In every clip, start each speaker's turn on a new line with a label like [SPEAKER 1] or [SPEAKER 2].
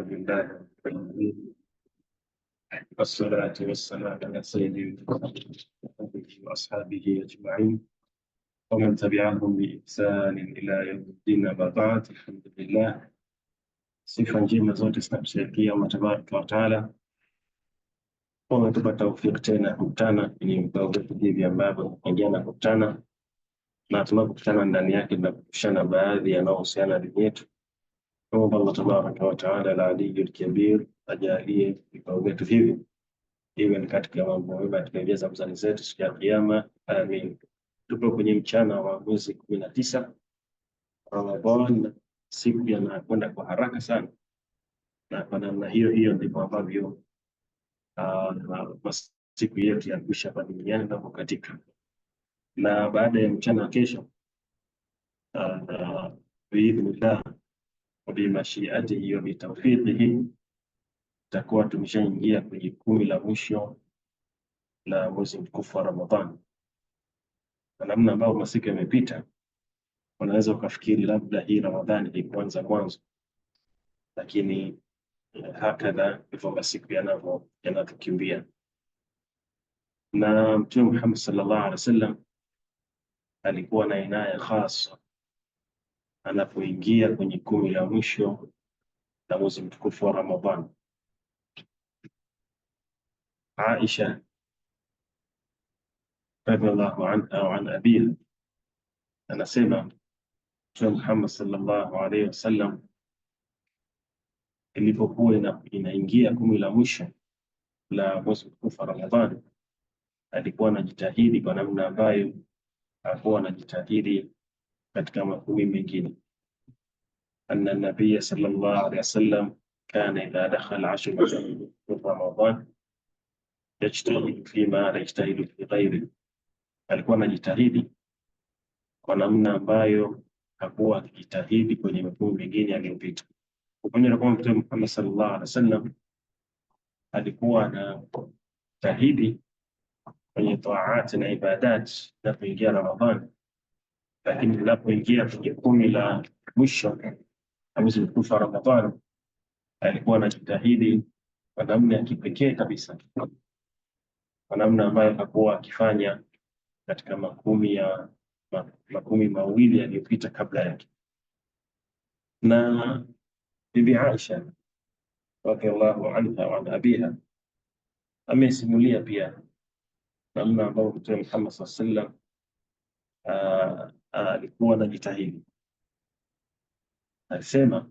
[SPEAKER 1] الحمد لله والصلاة والسلام على سيدنا وأصحابه أجمعين ومن تبعهم بإحسان إلى يوم الدين ما الحمد لله sifa njema zote zinamsherehekea Allah tabaraka wa taala kwa tena kukutana kwenye vikao vyetu hivi ambavyo tunapangia kukutana na tunapokutana ndani yake tunakumbushana baadhi yanayohusiana dini yetu Tuomba Allah tabaraka wa taala al-aliyyu al-kabir ajalie vikao vyetu hivi iwe ni katika mambo mema yatakayojaza mizani zetu siku ya Kiyama. Amin. Tupo kwenye mchana wa mwezi kumi na tisa Ramadhan, siku yanakwenda kwa haraka sana, na kwa namna hiyo hiyo ndipo ambavyo ah, siku yetu ya yakwisha hapa duniani katika na baada ya mchana wa kesho ah, biidhnillah wabimashiatihi wa bitaufiqihi, takuwa tumeshaingia kwenye kumi la mwisho la mwezi mtukufu wa Ramadhani. Na namna ambayo masiku yamepita, unaweza ukafikiri labda hii Ramadhani kwanza mwanzo, lakini eh, hakadha ndivyo masiku yanavyokimbia. Na Mtume Muhammad sallallahu alaihi wasallam alikuwa na inaya khasa anapoingia kwenye kumi la mwisho la mwezi mtukufu wa Ramadhani. Aisha radhiallahu anha wa an abiha anasema Mtume Muhammad sallallahu alaihi wasallam ilipokuwa inaingia kumi la mwisho la mwezi mtukufu wa Ramadhani alikuwa anajitahidi kwa namna ambayo alikuwa anajitahidi katika makumi mengine anna nabiya sallallahu alaihi wasallam kana idha dakhala ashru min Ramadhan yajtahidu fima la yajtahidu fi ghairi, alikuwa anajitahidi kwa namna ambayo hakuwa akijitahidi kwenye makumi mengine yaliyopita. Pamoja kwamba Mtume Muhammad sallallahu wa sallam alikuwa na anajitahidi kwenye taati na ibadati na kuingia Ramadhani lakini tunapoingia kwenye kumi la mwisho na mwezi mtukufu wa Ramadhani, alikuwa anajitahidi kwa namna ya kipekee kabisa, kwa namna ambayo hakuwa akifanya katika makumi ya makumi mawili yaliyopita kabla yake. Na Bibi Aisha radhiallahu anha wa an abiha amesimulia pia namna ambayo Mtume Muhammad sallallahu alaihi wasallam ah, alikuwa uh, anajitahidi. Alisema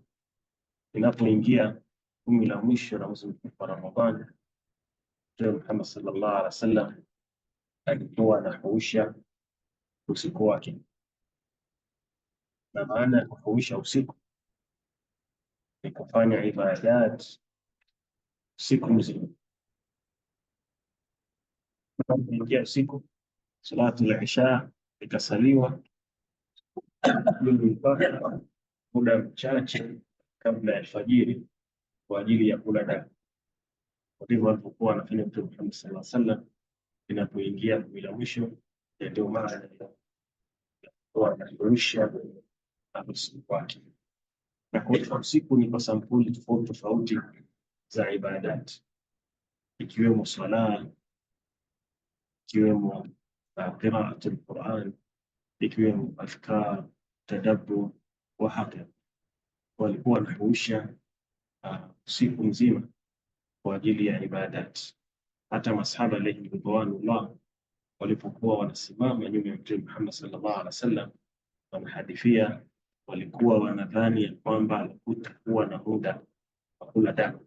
[SPEAKER 1] inapoingia kumi la mwisho la mwezi mtukufu wa Ramadhani, Mtume Muhammad sallallahu alaihi wasallam alikuwa anahuisha usiku wake, na maana ya kuhuisha usiku ni kufanya ibadat siku mzima. ingia usiku, salatu la isha ikasaliwa nilipata muda mchache kabla ya alfajiri kwa ajili ya kula dawa. Kwa hivyo alipokuwa anafanya Mtume Muhammad sallallahu alaihi wasallam inapoingia kumi la mwisho, ndio maana anarusha harusi wake. Na kwa usiku ni kwa sampuli tofauti tofauti za ibadati, ikiwemo swala ikiwemo uh, qiraatul Quran, ikiwemo adhkar tadabur wa haka. Walikuwa wanahuisha uh, siku nzima kwa ajili ya ibadati. Hata masahaba alayhi ridwanullah walipokuwa wanasimama nyuma ya Mtume Muhammad sallallahu alaihi wasallam, wanahadithia walikuwa wanadhani ya kwamba hakutakuwa na muda wa kula damu,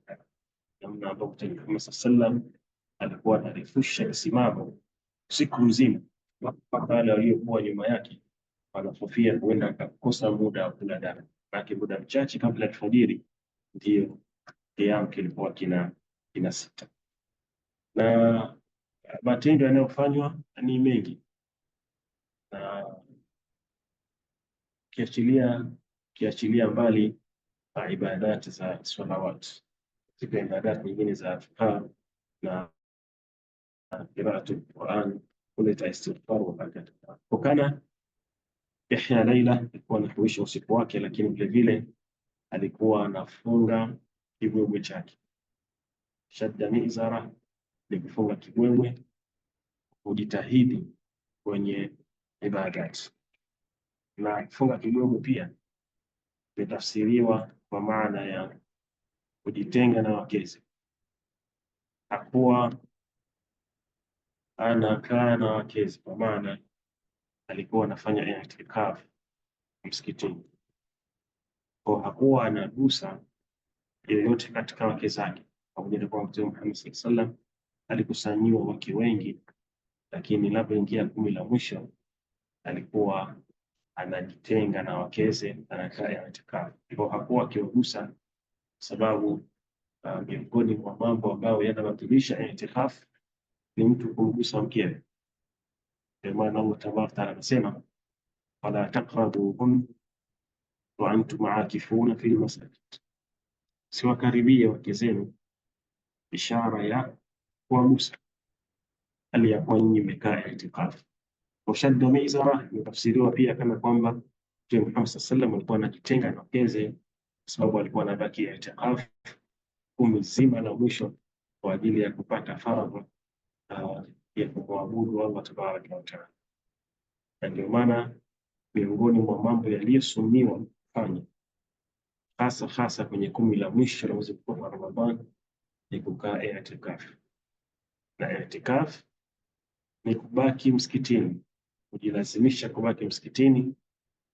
[SPEAKER 1] namna ambavyo Mtume Muhammad sallallahu alaihi wasallam alikuwa anarefusha msimamo siku nzima mpaka wale waliokuwa nyuma yake wanahofia huenda akakosa muda wa kula dana, maanake muda mchache kabla ya alfajiri ndio yao kilikuwa kina, kina sita na matendo yanayofanywa ni mengi na kiachilia kiachilia mbali ah, ibadati za salawat katika ibadat nyingine za adhkar na qiraatu Qur'an kuleta istighfar wakati kutokana Yahya Laila alikuwa anatuisha usiku wake, lakini vilevile alikuwa anafunga kibwebwe chake. Shadda mizara ni kufunga kibwebwe, kujitahidi kwenye ibadati. Na kufunga kibwebwe pia imetafsiriwa kwa maana ya kujitenga na wakezi. Hakuwa anakaa na wakezi, kwa maana alikuwa anafanya i'tikaf msikitini kwa hakuwa anagusa yoyote katika wake zake, pamoja na kwamba Mtume Muhammad sallallahu alaihi wasallam alikusanyiwa wake wengi, lakini labda ingia kumi la mwisho alikuwa anajitenga na wakeze, anakaa i'tikaf kwa hakuwa akiwagusa, sababu uh, miongoni mwa mambo ambayo yanabatilisha i'tikaf ni mtu kumgusa mkewe. Maana Allah tabaraka taala anasema wala taqrabuhun wa antum aakifuna fil masajid, siwakaribie wake zenu, ishara ya kuwagusa hali ya kuwa nyinyi mmekaa itikafu. Washaddu mizara imetafsiriwa pia kama kwamba Mtume Muhammad sallallahu alaihi wasallam alikuwa anajitenga na wake kwa sababu alikuwa anabaki itikafu kumi zima na mwisho kwa ajili ya kupata faradhi ah, ya kumwabudu Allah tabaraka wataala, na ndio maana miongoni mwa mambo yaliyosumiwa kufanya hasa hasa kwenye kumi la mwisho la mwezi wa Ramadhani ni kukaa i'tikaf, na i'tikaf ni kubaki msikitini, kujilazimisha kubaki msikitini,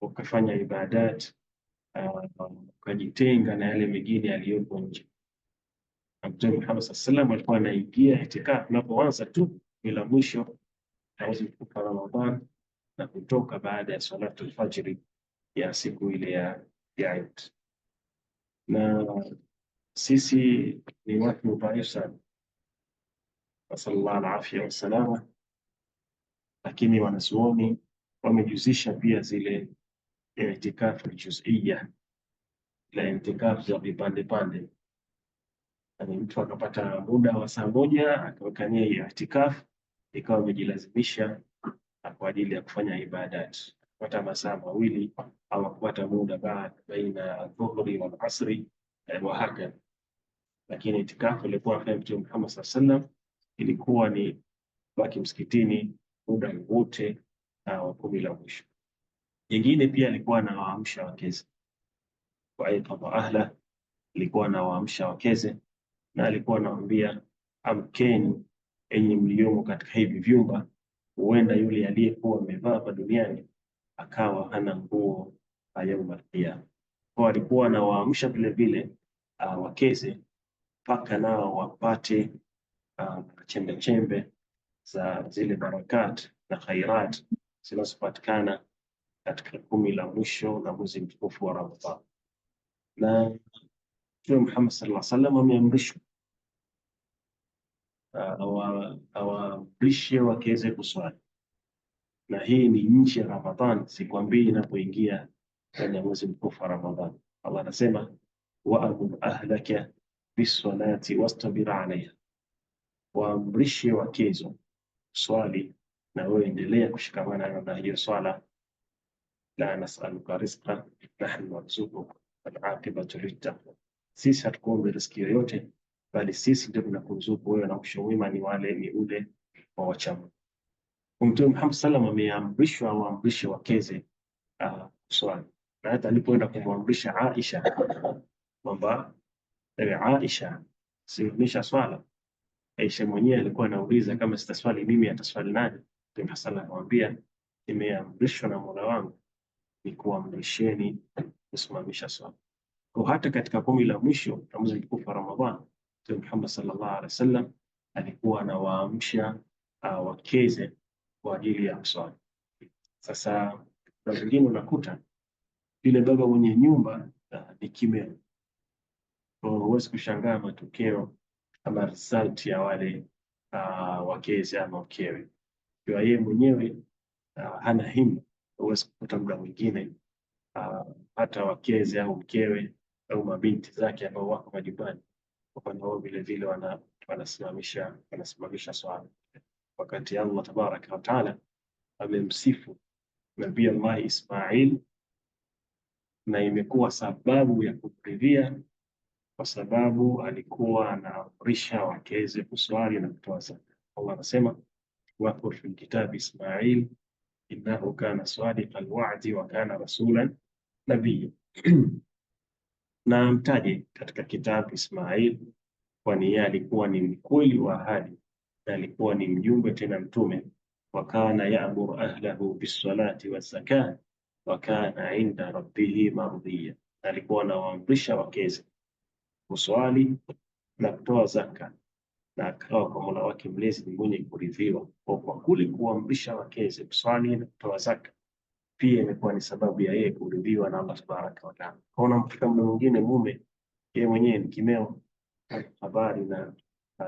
[SPEAKER 1] ukafanya ibadat, ah, ukajitenga uh, na yale mengine yaliyopo nje. Mtume Muhammad sallallahu alaihi wasallam alikuwa anaingia i'tikaf, unapoanza tu ni la mwisho aweze kutoka Ramadhan na kutoka baada ya salatu alfajiri ya siku ile ya Eid. Na sisi ni watu dhaifu sana, nasalullah alafia wassalama, lakini wanazuoni wamejuzisha pia zile itikafu juziya la itikaf za vipande pande, yaani mtu akapata muda wa saa moja akaweka nia ya itikafu ikawa amejilazimisha kwa ajili ya kufanya ibadati kupata masaa mawili au kupata muda baina ya dhuhuri wal asri eh, wa hakadha. Lakini itikafu ilikuwa afanya Mtume Muhammad saa sallam ilikuwa ni baki msikitini muda wote wa kumi la mwisho. Jingine pia alikuwa anawaamsha wakeze waikadha ahla, alikuwa anawaamsha wakeze na alikuwa anawaambia amkeni enyi mliomo katika hivi vyumba, huenda yule aliyekuwa amevaa hapa duniani akawa hana nguo yaumul qiyama. Kwa alikuwa anawaamsha vile vile uh, ah, wakeze mpaka nao wapate uh, chembe chembe za zile barakat na khairat zinazopatikana katika kumi la mwisho la mwezi mtukufu wa Ramadhani. Na Mtume Muhammad sallallahu alaihi wasallam ameamrishwa awaamrishe wakiweze kuswali. Na hii ni nchi ya Ramadhan, siku mbili inapoingia ndani ya mwezi mtukufu wa Ramadhan. Allah anasema waamur ahlaka bisalati wastabir alaiha, waamrishe wakezo swali na wewe endelea kushikamana na hiyo swala. La nasaluka rizqa nahnu narzuquk walaqibatu lit-taqwa, sisi hatukuombe riski yoyote bali sisi ndio tunakuzuku wewe na kushawima ni wale ni ule wa wachamu. Mtume Muhammad sallam ameamrishwa waamrishe wakeze uh, ah, kuswali na hata alipoenda kumwamrisha Aisha kwamba ewe Aisha simamisha swala, Aisha mwenyewe alikuwa anauliza kama sitaswali mimi ataswali nani? Mtume Hassan anamwambia nimeamrishwa na Mola wangu ni kuamrisheni kusimamisha swala. Kwa hata katika kumi la mwisho la mwezi mtukufu wa Ramadhani Mtume Muhammad sallallahu alaihi wasallam alikuwa anawaamsha uh, wakeze kwa ajili ya kuswali. Sasa na wengine unakuta yule baba mwenye nyumba ah, ni kimero, huwezi kushangaa matokeo ama result ya wale uh, wakeze ama wakewe. Ikiwa yeye mwenyewe uh, hana himu, huwezi kukuta muda mwingine uh, hata wakeze au mkewe au mabinti zake ambao wako majumbani upande wao vilevile wanasimamisha wanasimamisha swala, wakati Allah tabaraka wataala amemsifu Nabii Allah Ismail na imekuwa sababu ya kumridhia kwa sababu alikuwa anaamrisha wakeze kuswali na kutoa zaka. Allah anasema wakur fi kitabi Ismail innahu kana sadiqa wa'di wa kana rasulan nabiyya na amtaje katika kitabu Ismail, kwani yeye alikuwa ni mkweli wa ahadi na alikuwa ni mjumbe tena mtume, wakana yaamuru ahlahu bisalati wazakati wa kana inda rabbihi mardhiya, na alikuwa anawaamrisha wakeze kuswali na kutoa zaka na akawa kwa Mola wake mlezi ni mwenye kuridhiwa kwa kule kuamrisha wakeze kuswali na kutoa zaka pia imekuwa ni sababu ya yeye kuridhiwa na Allah Subhanahu wa Ta'ala. Kwa unamfika mume mwingine, mume yeye mwenyewe ni kimeo habari na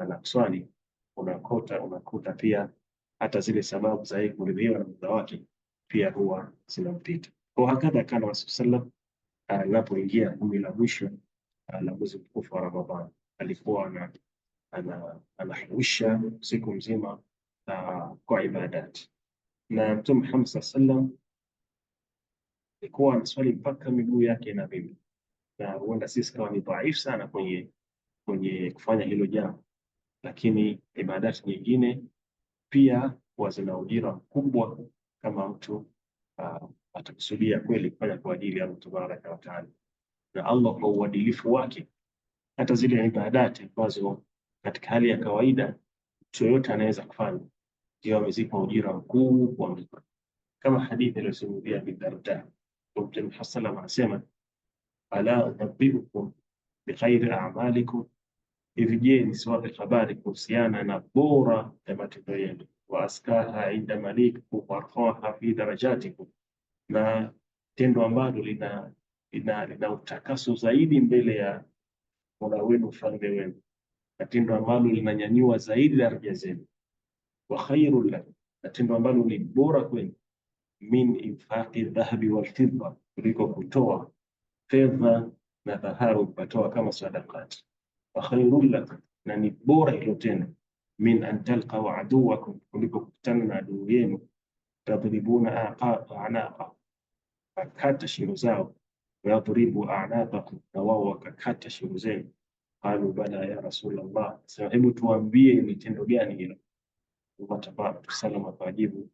[SPEAKER 1] na kuswali, unakuta unakuta pia hata zile sababu za yeye kuridhiwa na mume wake pia huwa zinampita. Kwa hakika kana Rasul sallam anapoingia ah, kumi la mwisho ah, la mwezi mtukufu wa Ramadhani alikuwa ana anahuisha siku mzima ah, kwa ibadati na Mtume Muhammad sallallahu alaihi wasallam alikuwa anaswali mpaka miguu yake na mimi na huenda sisi kama ni dhaifu sana kwenye kwenye kufanya hilo jambo, lakini ibadati nyingine pia huwa zina ujira mkubwa kama mtu uh, atakusudia kweli kufanya kwa ajili ya Allah tabaraka wa taala, na Allah kwa uadilifu wake, hata zile ibadati ambazo katika hali ya kawaida mtu yoyote anaweza kufanya, ndio amezipa ujira mkubwa, kama hadithi iliyosimulia Abidarda Mtume Muhammad sallam anasema ala unabbiukum bikhairi a'malikum, hivi je, ni nisiwape habari kuhusiana na bora ya matendo yenu, wa askaha inda malikikum warfaha fi darajatikum, na tendo ambalo lina lina, lina utakaso zaidi mbele ya Mola wenu mfalme wenu, na tendo ambalo linanyanyua zaidi daraja zenu, wa khairul lakum, na tendo ambalo ni bora kwenu min infaqi dhahabi walfidda, kuliko kutoa fedha na dhahabu, ukatoa kama sadaqat. Wa khairun lak, na ni bora hilo tena, min an talqau aduwakum, kuliko kukutana na adui yenu, tadribuna anaqa, akata shingo zao, Yadribu anaqakum, na wao wakakata shingo zenu. Qalu bala ya Rasulullah, sema hebu tuambie ni tendo gani hilo. Allah tabaraka wasalama akawajibu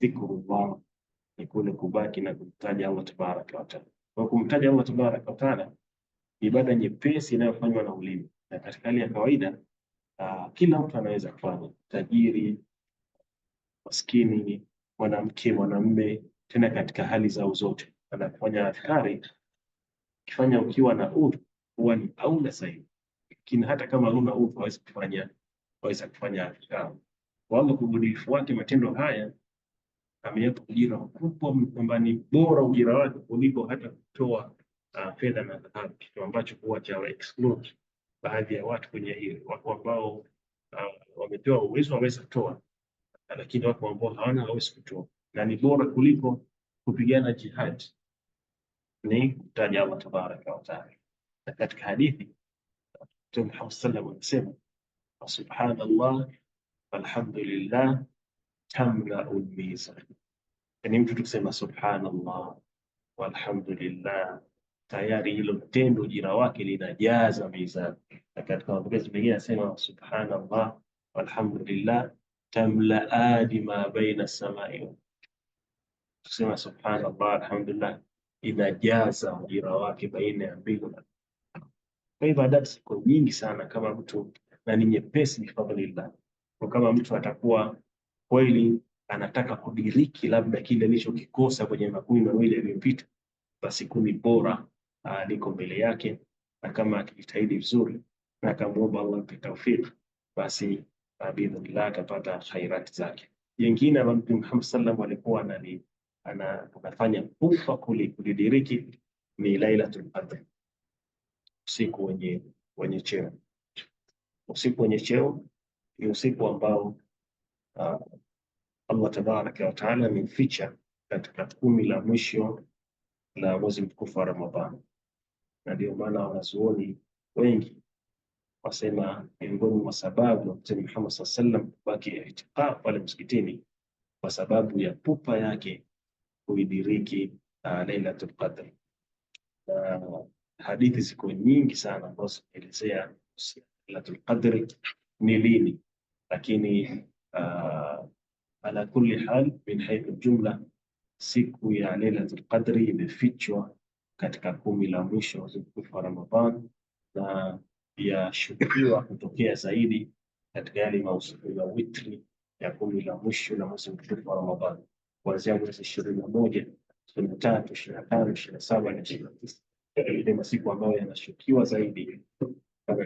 [SPEAKER 1] dhikrullah ni kule kubaki na kumtaja Allah tabaraka wataala. Kwa kumtaja Allah tabaraka wataala ibada nyepesi inayofanywa na ulimi, na katika hali ya kawaida uh, kila mtu anaweza kufanya, tajiri, maskini, mwanamke, mwanamume, tena katika hali zao zote anafanya adhkari. kifanya ukiwa na udhu huwa ni aula zaidi, lakini hata kama huna udhu waweza kufanya waweza kufanya adhkari. Kwa Allah kubunifu wake matendo haya ameweka ujira mkubwa kwamba ni bora ujira wake kuliko hata kutoa uh, fedha na dhahabu, kitu ambacho huwa cha exclude baadhi ya watu kwenye hili. Wako ambao uh, wamepewa uwezo wameweza kutoa, lakini wako ambao hawana hawezi kutoa, na ni bora kuliko kupigana jihad ni kutaja Allah tabaraka wa taala. Na katika hadithi Mtume Muhammad sallallahu alaihi wasallam, subhanallah walhamdulillah tamlau lmizan. Yaani mtu tukisema subhanallah walhamdulillah, tayari hilo tendo ujira wake linajaza mizani. Na katika mapokezi mengine anasema subhanallah walhamdulillah tamlaadi ma baina samai. Tukisema subhanallah alhamdulillah inajaza ujira wake baina ya mbingu na kwa hivyo adabu ziko nyingi sana, kama mtu na ni nyepesi bifadhlillah, kwa kama mtu atakuwa kweli anataka kudiriki labda kile alichokikosa kwenye makumi mawili yaliyopita, basi kumi bora ah, liko mbele yake, na kama akijitahidi vizuri na akamwomba Allah mpe taufiki, basi ah, biidhnillah atapata khairati zake. Jengine ambalo Mtume Muhammad sallallahu alayhi wasallam alikuwa anafanya kufa kuli kulidiriki ni Lailatul Qadr, usiku wenye wenye cheo. Usiku wenye cheo ni usiku ambao Allah tabaraka wataala ameficha katika kumi la mwisho la mwezi mtukufu wa Ramadhani, na ndio maana wanazuoni wengi wasema miongoni mwa sababu ya Mtume Muhammad saa sallam kubaki itikaa pale msikitini kwa sababu ya pupa yake kuidiriki uh, Lailatul Qadr na uh, hadithi ziko nyingi sana ambazo zinaelezea Lailatul Qadr ni lini, lakini ala كل hal, min haithu الجملة siku ya Lailatul Qadri imefichwa katika kumi la mwisho utukufu wa Ramadhan na yashukiwa kutokea zaidi katika yale mausiku ya witri ya kumi la mwisho la mwezi mtukufu wa Ramadhan kuanzia mwezi ishirini na moja ishirini na tatu ishirini na tano ishirini na saba na ishirini na tisa ile masiku ambayo yanashukiwa zaidi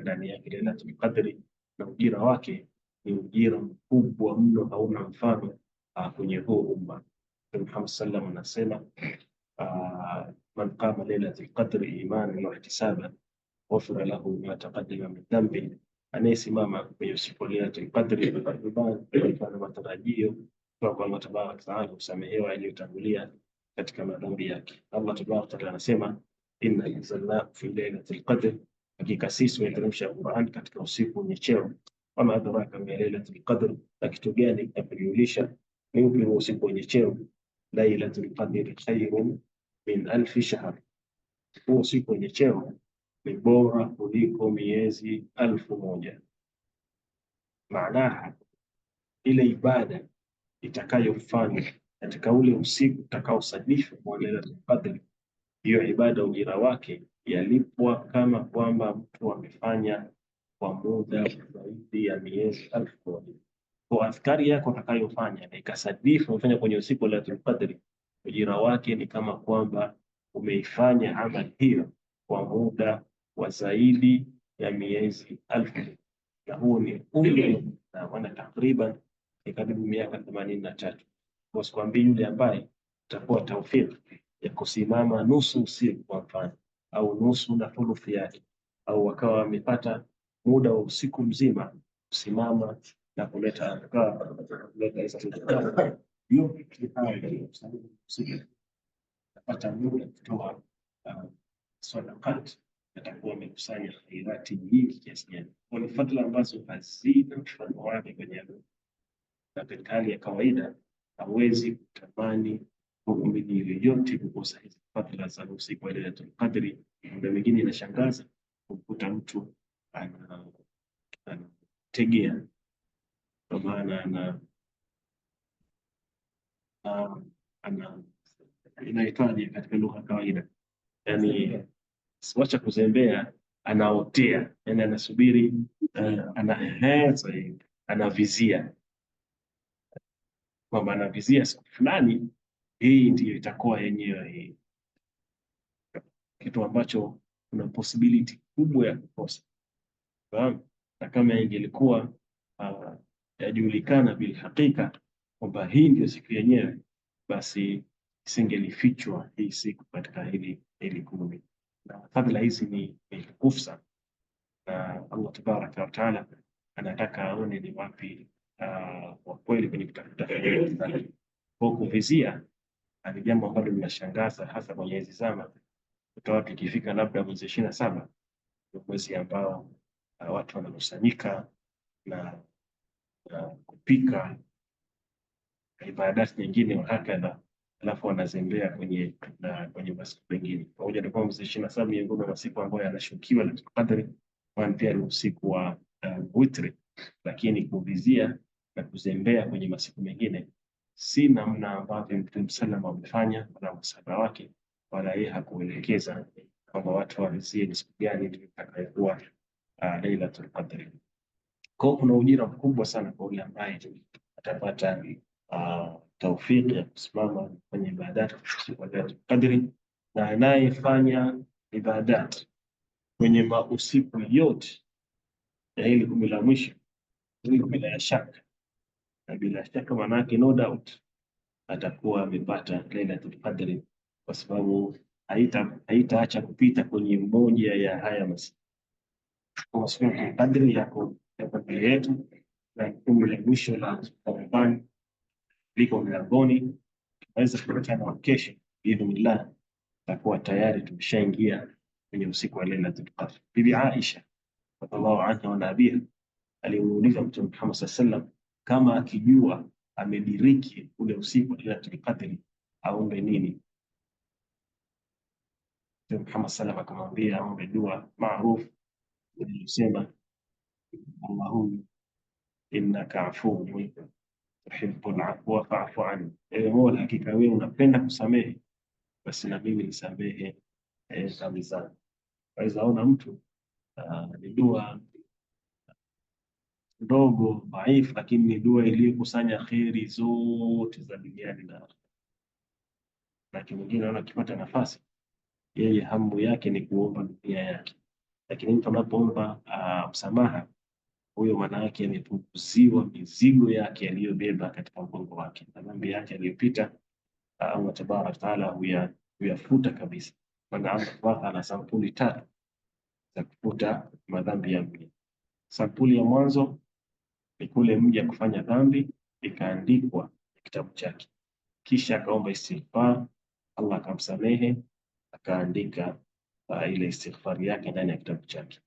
[SPEAKER 1] ndani yake Lailatul Qadri na ujira wake ni ujira mkubwa mno, hauna mfano ah, kwenye huu umma. Mtume Muhammad sallam anasema ah, man qama lailatul qadri imanan wa ihtisaban ghufira lahu ma taqaddama min dhanbi, anayesimama kwenye usiku wa lailatul qadri na matarajio kutoka kwa Allah tabaraka wataala kusamehewa yaliyotangulia katika madhambi yake. Allah tabaraka wataala anasema inna anzalnahu fi lailatul qadri, hakika sisi tumeteremsha Qur'an katika usiku wenye cheo Wama adraka ma qadr, na kitu gani kitakujulisha ni upi usiku wenye cheo? Lailatul qadri khairun min alfi shahr, huo usiku wenye cheo ni bora kuliko miezi alfu moja. Maanaha, ile ibada itakayofanywa katika ule usiku utakaosadifu kwa lailatul qadri, hiyo ibada ujira wake yalipwa kama kwamba mtu amefanya kwa muda zaidi ya miezi elfu moja kwa askari yako utakayofanya na ikasadifu umefanya kwenye usiku wa Lailatul Qadri, ujira wake ni kama kwamba umeifanya amali hiyo kwa muda wa zaidi ya miezi elfu moja na huo ni umri na maana takriban ni karibu miaka themanini na tatu. Kwa sikwambii yule ambaye utakuwa taufiki ya kusimama nusu usiku kwa mfano au nusu na thuluthi yake au wakawa wamepata muda wa usiku mzima kusimama na kuleta kuleta napata muda uh, atakuwa amekusanya khairati nyingi kiasi gani. ni fadhila ambazo hazina mfano wake kwenye na katika hali ya kawaida hawezi kutamani muumini yoyote kukosa hizi fadhila za usiku wa Lailatul Qadri. Muda mwingine inashangaza kumkuta mtu anategea kwa maana ana ana inaitwaje katika lugha ya kawaida, yani siwacha kuzembea, anaotea, yani anasubiri, eh, ana eh, anavizia kwamba anavizia siku fulani hii ndiyo itakuwa yenyewe hii, kitu ambacho kuna posibiliti kubwa ya kukosa Fahamu? Na kama ingelikuwa ah, yajulikana yajulikana hakika kwamba hii ndio siku yenyewe, basi isingelifichwa hii siku katika hili hili kumi, na fadhila hizi ni tukufu sana, na Allah tabaraka wataala anataka aone ni wapi uh, wa kweli kwenye kutafuta kwa kuvizia ni jambo ambalo linashangaza hasa kwa miezi zama, utawa tukifika labda mwezi ishirini na saba mwezi ambao watu wamekusanyika na, na kupika ibadati nyingine wahakadha, alafu wanazembea kwenye na, kwenye masiku mengine pamoja na kwamba mzee ishirini na saba miongoni mwa masiku ambayo yanashukiwa na Qadri pia ni usiku wa witri uh, lakini kuvizia na kuzembea kwenye masiku mengine si namna ambavyo Mtume salama amefanya na msaba wake, wala yeye hakuelekeza kwamba watu wavizie ni siku gani itakayokuwa uh, ah, Lailatul Qadr. Kwa kuna ujira mkubwa sana kwa yule ambaye atapata uh, ah, taufiki ya kusimama kwenye ibadati usiku Lailatul Qadri na anayefanya ibadati kwenye mausiku yote ya hili kumi la mwisho bila ya shaka na bila shaka, maanake no doubt atakuwa amepata Lailatul Qadri kwa sababu haitaacha haita kupita kwenye moja ya haya masiku kuwasiliana kwa kadri ya mapambano yetu na jukumu la mwisho la mapambano liko mlangoni, tunaweza kukutana wa kesho biidhnillah, tutakuwa tayari tumeshaingia kwenye usiku wa Lailatul Qadr. Bibi Aisha radhiallahu anha wa nabiha alimuuliza Mtume Muhammad saa alaihi kama akijua amediriki ule usiku wa Lailatul Qadr aombe nini? Mtume Muhammad sallallahu akamwambia aombe dua maarufu ulilisema Allahumma innaka afuwwun tuhibbul afwa fa'fu anni, ewe Mola, hakika wewe unapenda kusamehe, basi na mimi nisamehe eh, dhambi zangu. Waweza ona mtu ah, ni dua ndogo dhaifu, lakini ni dua iliyokusanya kheri zote za duniani na lakini mwingine naona akipata nafasi, yeye hamu yake ni kuomba dunia yake lakini mtu anapoomba uh, msamaha, huyo manaake amepunguziwa mizigo yake aliyobeba katika mgongo wake na dhambi yake aliyopita. Ah, Allah tabaraka taala huyafuta kabisa. Allah ana sampuli tatu za kufuta madhambi ya mja. Sampuli ya mwanzo ni kule mja kufanya dhambi ikaandikwa kitabu chake, kisha akaomba istighfar, Allah akamsamehe, akaandika uh, ile istighfari yake ndani ya kitabu chake.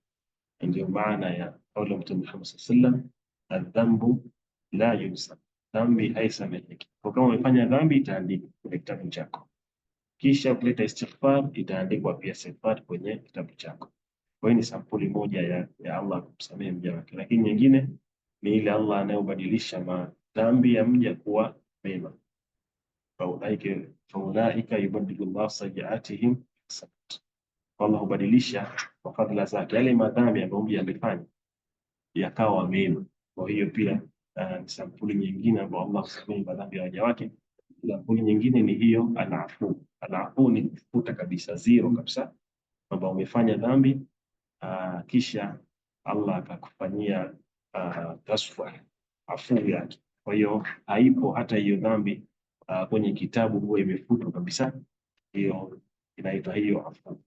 [SPEAKER 1] Ndio maana ya kauli ya Mtume Muhammad sallallahu alaihi wasallam, adhambu la yunsa, dhambi haisameheki. Kwa kama umefanya dhambi itaandikwa kwenye kitabu chako, kisha ukileta istighfar itaandikwa pia istighfar kwenye kitabu chako. Kwa hiyo ni sampuli moja ya, ya Allah kumsamehe mja wake, lakini nyingine ni ile Allah anayobadilisha madhambi ya mja kuwa mema. Faulaika yubadilu Allah sayiatihim Allah hubadilisha kwa fadhila zake yale madhambi ambayo mja amefanya yakawa mema. Kwa hiyo pia uh, ni sampuli nyingine ambayo Allah husamehe madhambi ya waja wake. Sampuli nyingine ni hiyo alafu. Alafu ni kufuta kabisa, zero kabisa, kwamba umefanya dhambi uh, kisha Allah akakufanyia uh, ah, taswa afu yake. Kwa hiyo haipo hata hiyo dhambi uh, kwenye kitabu huwa imefutwa kabisa, hiyo inaitwa hiyo afu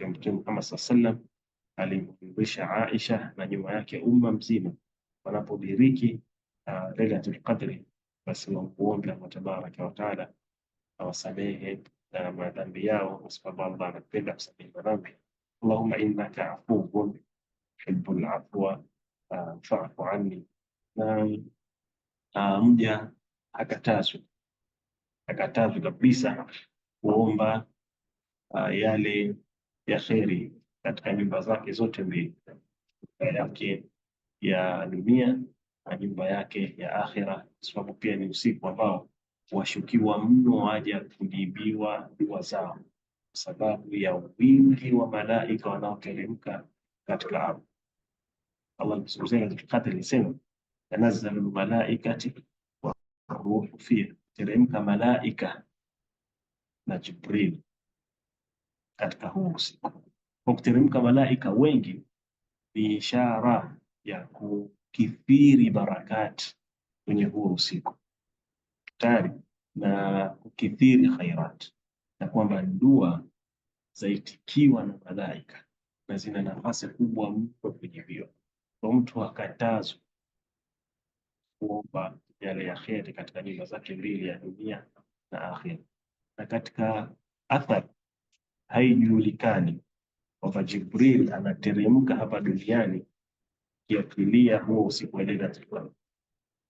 [SPEAKER 1] ya Mtume Muhammad sallallahu alayhi wasallam alimkumbusha Aisha na nyuma yake umma mzima wanapodiriki uh, Lailatul Qadri, basi wamuombe Allah tabaraka wa taala awasamehe na madhambi yao, kwa sababu Allah anapenda kusamehe madhambi. Allahumma innaka afuwwun tuhibbul afwa ah, fa'fu anni. Na uh, mja akatazwi akatazwi kabisa kuomba uh, yale ya kheri katika nyumba zake zote mbili, nyumba yake ya dunia na nyumba yake ya akhira, sababu pia ni usiku ambao washukiwa mno waja kujibiwa dua zao kwa sababu ya wingi wa malaika wanaoteremka katika ardhi. Allah kati alisema tanazzalu malaikati wa ruhu fiha, teremka malaika na Jibril katika huu usiku. Kwa kuteremka malaika wengi ni ishara ya kukithiri barakati kwenye huo usiku tari na kukithiri khairat, na kwamba dua zaitikiwa na malaika na zina nafasi kubwa mno kwenye hiyo. Kwa mtu akatazwa kuomba yale ya kheri katika nyumba zake mbili ya dunia na akhira. Na katika athari haijulikani kwamba Jibril anateremka hapa duniani kiakilia huo usipoeleka tuka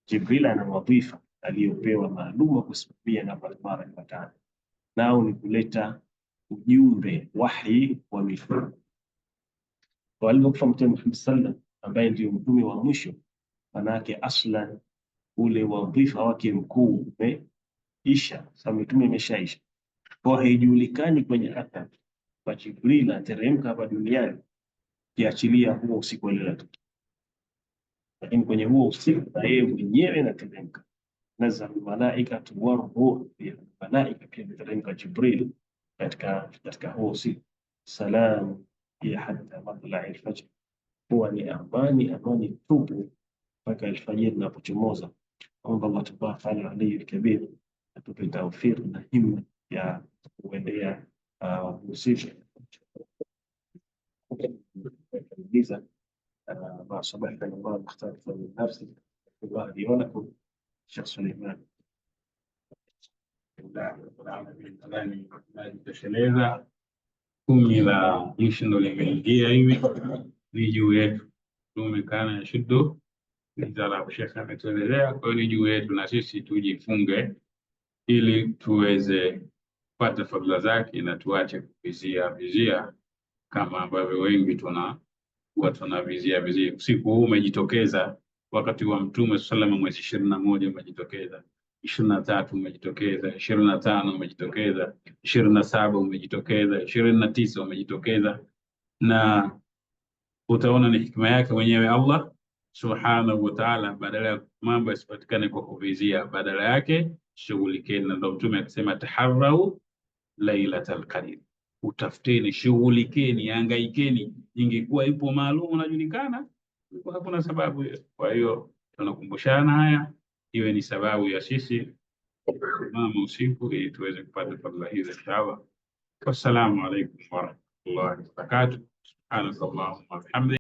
[SPEAKER 1] Jibril ana wadhifa aliyopewa maalum wa kusimamia na barabara ya wa nao ni kuleta ujumbe wahi wa mifumo. Kwa alivyokufa Mtume Muhammad sallam ambaye ndio mtume wa mwisho, manake aslan ule wadhifa wake mkuu umeisha, sababu mitume imeshaisha kwa haijulikani kwenye athari kwa Jibril ateremka hapa duniani kiachilia huo usiku aliyotukia, lakini kwenye huo usiku na yeye mwenyewe anateremka nazal malaikatu waruhu, malaika pia ameteremka Jibril katika katika huo usiku. Salamu ya hata matlai lfajr, huwa ni amani amani tupu mpaka alfajiri inapochomoza. Omba Allah tabaraka wataala aliyu lkabir atupe taufir na himma ya kuendea ah, wahusika kuingiza ah, masomo ya kalimba mختلفة
[SPEAKER 2] nadhani najitosheleza. Kumi la mwisho ndo limeingia hivi, ni juu yetu, tumekana na shudo nizarashekh ametuendelea. Kwa hiyo ni juu yetu na sisi tujifunge, ili tuweze kupata fadhila zake na tuache kuvizia vizia kama ambavyo wengi tuna huwa tunavizia vizia. Usiku huu umejitokeza, wakati wa Mtume salama, mwezi ishirini na moja umejitokeza, ishirini na tatu umejitokeza, ishirini na tano umejitokeza, ishirini na saba umejitokeza, ishirini na tisa umejitokeza, na utaona ni hikima yake mwenyewe Allah subhanahu wa ta'ala, badala ya mambo yasipatikane kwa kuvizia, badala yake shughulikeni. Na ndo Mtume akasema taharau lailatal qadr. Utafuteni, shughulikeni, hangaikeni. Ingekuwa ipo maalum unajulikana, ilikuwa hakuna sababu. Kwa hiyo tunakumbushana haya, iwe ni sababu ya sisi mama usiku, ili tuweze kupata fadhila hizo inshallah. Wassalamu alaikum warahmatullahi wabarakatuh. Subhanakallahumma bihamdik